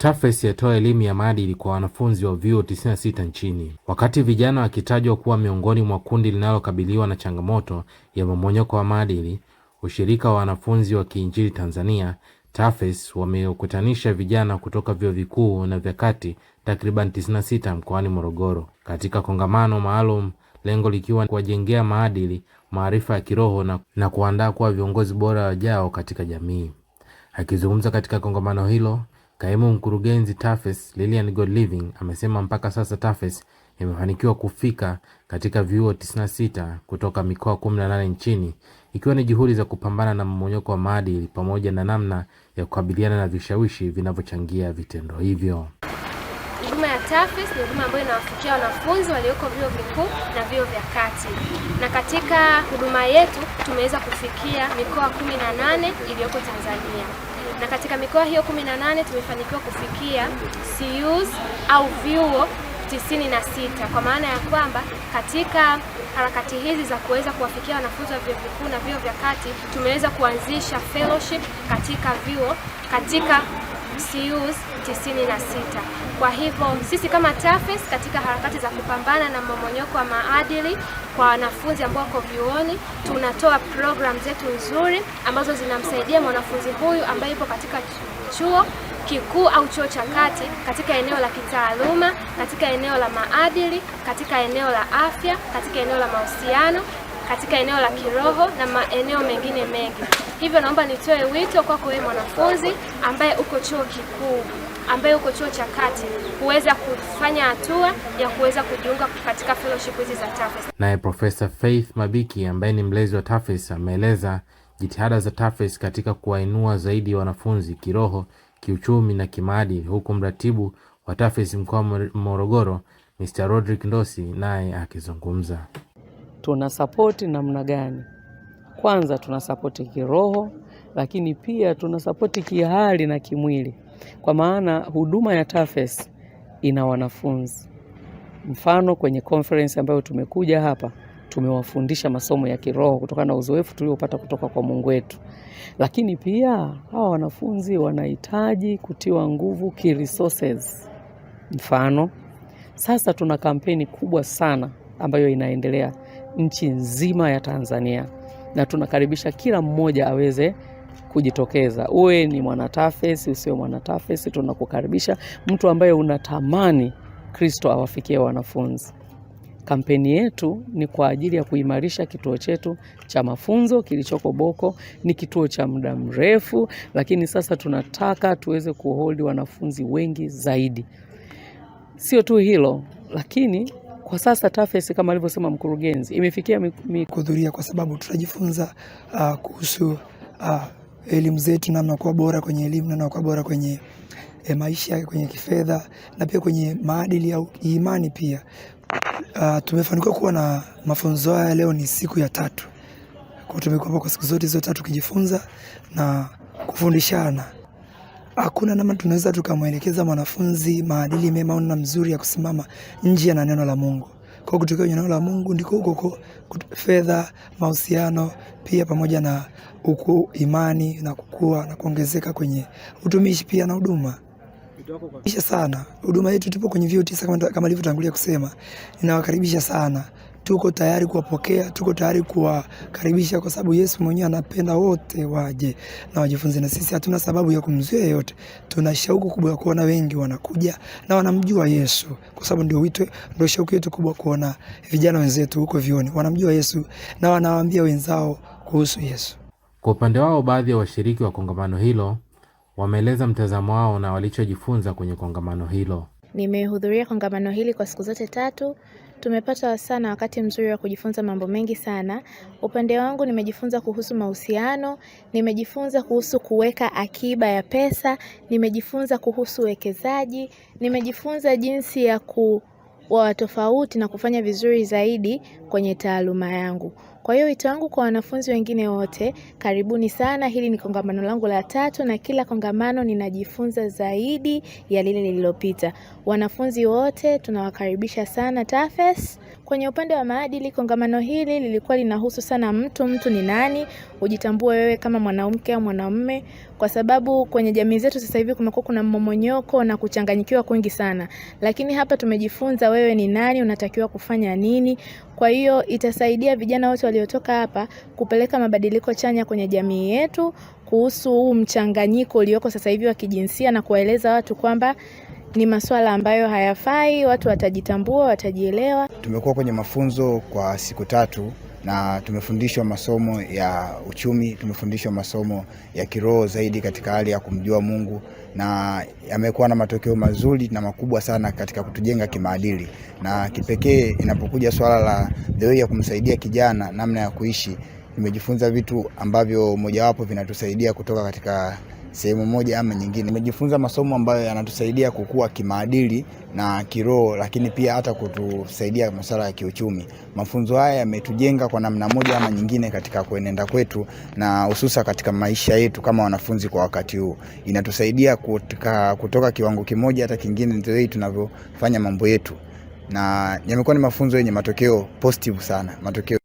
TAFES yatoa elimu ya maadili kwa wanafunzi wa vyuo 96 nchini. Wakati vijana wakitajwa kuwa miongoni mwa kundi linalokabiliwa na changamoto ya mmomonyoko wa maadili, ushirika wa wanafunzi wa Kiinjili Tanzania TAFES wamekutanisha vijana kutoka vyuo vikuu na vya kati takriban 96 mkoani Morogoro katika kongamano maalum, lengo likiwa kuwajengea maadili, maarifa ya kiroho na, na kuandaa kuwa viongozi bora wajao katika jamii. Akizungumza katika kongamano hilo Kaimu Mkurugenzi TAFES Lilian Godliving amesema mpaka sasa TAFES imefanikiwa kufika katika vyuo 96 kutoka mikoa 18 nchini ikiwa ni juhudi za kupambana na mmonyoko wa maadili pamoja na namna ya kukabiliana na vishawishi vinavyochangia vitendo hivyo. TAFES ni huduma ambayo inawafikia wanafunzi walioko vyuo vikuu na vyuo vya kati, na katika huduma yetu tumeweza kufikia mikoa 18 iliyoko Tanzania na katika mikoa hiyo 18 tumefanikiwa kufikia CUs au vyuo 96 kwa maana ya kwamba katika harakati hizi za kuweza kuwafikia wanafunzi wa vyuo vikuu na vyuo vya kati tumeweza kuanzisha fellowship katika vyuo katika MCUs 96. Kwa hivyo sisi kama TAFES katika harakati za kupambana na mmomonyoko wa maadili kwa wanafunzi ambao wako vyuoni, tunatoa programu zetu nzuri ambazo zinamsaidia mwanafunzi huyu ambaye yupo katika chuo kikuu au chuo cha kati katika eneo la kitaaluma, katika eneo la maadili, katika eneo la afya, katika eneo la mahusiano katika eneo la kiroho na maeneo mengine mengi. Hivyo naomba nitoe wito kwako wewe mwanafunzi ambaye uko chuo kikuu, ambaye uko chuo cha kati, huweza kufanya hatua ya kuweza kujiunga katika fellowship hizi za TAFES. Naye Profesa Faith Mabiki ambaye ni mlezi wa TAFES ameeleza jitihada za TAFES katika kuwainua zaidi wanafunzi kiroho, kiuchumi na kimaadili, huku mratibu wa TAFES mkoa wa Morogoro Mr. Rodrick Ndosi naye akizungumza tuna sapoti namna gani? Kwanza tuna sapoti kiroho, lakini pia tuna sapoti kihali na kimwili, kwa maana huduma ya TAFES ina wanafunzi. Mfano, kwenye conference ambayo tumekuja hapa tumewafundisha masomo ya kiroho kutokana na uzoefu tuliopata kutoka kwa Mungu wetu, lakini pia hawa wanafunzi wanahitaji kutiwa nguvu ki resources. Mfano, sasa tuna kampeni kubwa sana ambayo inaendelea nchi nzima ya Tanzania, na tunakaribisha kila mmoja aweze kujitokeza. Uwe ni mwanatafesi, usiwe mwanatafesi, tunakukaribisha. Mtu ambaye unatamani Kristo awafikie wanafunzi. Kampeni yetu ni kwa ajili ya kuimarisha kituo chetu cha mafunzo kilichoko Boko. Ni kituo cha muda mrefu, lakini sasa tunataka tuweze kuholdi wanafunzi wengi zaidi. Sio tu hilo, lakini kwa sasa TAFES kama alivyosema mkurugenzi imefikia kuhudhuria, kwa sababu tutajifunza uh, kuhusu uh, elimu zetu, namna kuwa bora kwenye elimu, namna kuwa bora kwenye eh, maisha, kwenye kifedha na pia kwenye maadili au imani pia. Uh, tumefanikiwa kuwa na mafunzo haya. Leo ni siku ya tatu, kwa tumekuwa kwa siku zote hizo tatu kujifunza na kufundishana hakuna namna tunaweza tukamwelekeza mwanafunzi maadili mema na mzuri ya kusimama nje na neno la Mungu. Kwa kutoka kwenye neno la Mungu ndiko huko fedha, mahusiano pia pamoja na uku imani na kukua na kuongezeka kwenye utumishi pia na huduma. Kisha sana huduma yetu tupo kwenye vyuo tisa kama, kama kusema, ninawakaribisha sana tuko tayari kuwapokea, tuko tayari kuwakaribisha, kwa sababu Yesu mwenyewe anapenda wote waje na wajifunze, na sisi hatuna sababu ya kumzuia yeyote. Tuna shauku kubwa ya kuona wengi wanakuja na wanamjua Yesu, kwa sababu ndio wito, ndio shauku yetu kubwa, kuona vijana wenzetu huko vioni wanamjua Yesu na wanawaambia wenzao kuhusu Yesu. Kwa upande wao, baadhi ya wa washiriki wa kongamano hilo wameeleza mtazamo wao na walichojifunza kwenye kongamano hilo. Nimehudhuria kongamano hili kwa siku zote tatu. Tumepata sana wakati mzuri wa kujifunza mambo mengi sana. Upande wangu nimejifunza kuhusu mahusiano, nimejifunza kuhusu kuweka akiba ya pesa, nimejifunza kuhusu uwekezaji, nimejifunza jinsi ya kuwa tofauti na kufanya vizuri zaidi kwenye taaluma yangu. Kwa hiyo wito wangu kwa wanafunzi wengine wote, karibuni sana. Hili ni kongamano langu la tatu, na kila kongamano ninajifunza zaidi ya lile lililopita. Wanafunzi wote tunawakaribisha sana TAFES. Kwenye upande wa maadili, kongamano hili lilikuwa linahusu sana mtu, mtu ni nani, ujitambue wewe kama mwanamke au mwanamume, kwa sababu kwenye jamii zetu sasa hivi kumekuwa kuna mmomonyoko na kuchanganyikiwa kwingi sana, lakini hapa tumejifunza wewe ni nani, unatakiwa kufanya nini. Kwa hiyo itasaidia vijana wote waliotoka hapa kupeleka mabadiliko chanya kwenye jamii yetu kuhusu huu mchanganyiko ulioko sasa hivi wa kijinsia na kuwaeleza watu kwamba ni masuala ambayo hayafai, watu watajitambua, watajielewa. Tumekuwa kwenye mafunzo kwa siku tatu na tumefundishwa masomo ya uchumi, tumefundishwa masomo ya kiroho zaidi katika hali ya kumjua Mungu, na yamekuwa na matokeo mazuri na makubwa sana katika kutujenga kimaadili, na kipekee inapokuja swala la the ya kumsaidia kijana namna ya kuishi, nimejifunza vitu ambavyo mojawapo vinatusaidia kutoka katika sehemu moja ama nyingine. Nimejifunza masomo ambayo yanatusaidia kukua kimaadili na kiroho, lakini pia hata kutusaidia masuala ya kiuchumi. Mafunzo haya yametujenga kwa namna moja ama nyingine katika kuenenda kwetu na hususa katika maisha yetu kama wanafunzi. Kwa wakati huu inatusaidia kutoka, kutoka kiwango kimoja hata kingine, ndio tunavyofanya mambo yetu, na yamekuwa ni mafunzo yenye matokeo positive sana, matokeo